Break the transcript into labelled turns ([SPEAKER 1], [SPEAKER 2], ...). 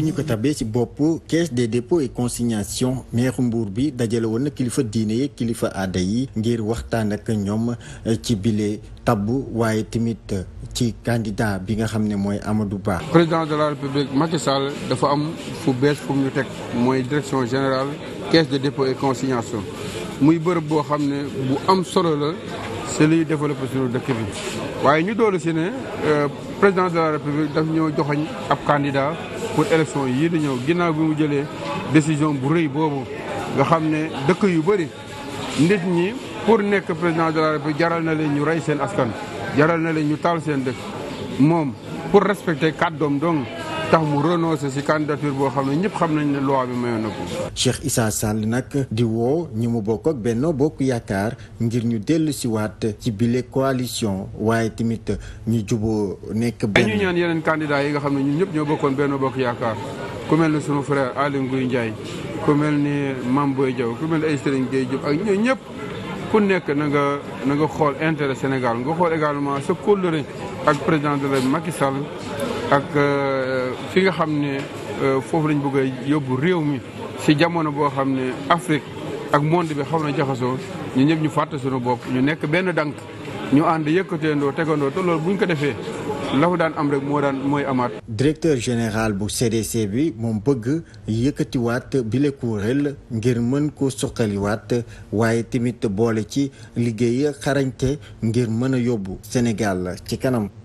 [SPEAKER 1] bi ñu ko tabee ci bopp caisse des dépôts et consignation meeru Mbuur bi dajale woon na kilifa diine yi kilifa aada yi ngir waxtaan ak ñoom eh, ci bile tabbu waaye tamit eh, ci candidat bi nga xam ne mooy Amadou baax
[SPEAKER 2] président de la république Macky dafa am fu bees fu mu ñu teg mooy direction général caisse de dépôts et consignation muy bërëb boo xam ne bu am solo la c'est liy développé suñu dëkk bi waaye ñu doolu si ne eh, président de la république daf pour élection yii di ñëw ginnaaw bi mu jëlee décision bu rëy boobu nga xam ne dëkk yu bëri nit ñi pour nekk président de la jaral na leen ñu rey seen askan jaral na leen ñu taal seen dëkk moom pour respecter kàddoom dong tax mu renoncé ci candidature boo xam ne ñëpp xam nañ ne loi bi mayoon na ko.
[SPEAKER 1] Cheikh Issa Sall nag di woo ñi mu bokk ak Benno Bokk Yaakaar ngir ñu dellu si waat ci bile coalition waaye tamit ñu juboo nekk benn. ñu
[SPEAKER 2] ñaan yeneen candidats yi nga xam ne ñun ñëpp ñoo bokkoon benn Bokk Yaakaar ku mel ne sunu frère Aly Ngouille Ndiaye ku mel ni Mame Boye Diaw ku mel ni ay Serigne Gueye ak ñooñu ñëpp. ku nekk na nga na nga xool intérêt Sénégal nga xool également sa kóllëre ak président de la Macky Sall ak euh, fi nga xam ne euh, foofu lañ bëgg a yóbbu réew mi si jamono boo xam ne Afrique ak monde bi xaw na jaxasoo ñu ñëpp ñu fàtte sunu bopp ñu nekk benn dànk ñu ànd yëkkateendoo tegandoo te buñ ko defee la daan am rek moo daan mooy amaat.
[SPEAKER 1] directeur général bu CDC bi moom bëgg yëkkatiwaat bile kuréel ngir mën ko suqaliwaat waaye tamit boole ci liggéey xarañte ngir mën a yóbbu Sénégal ci kanam.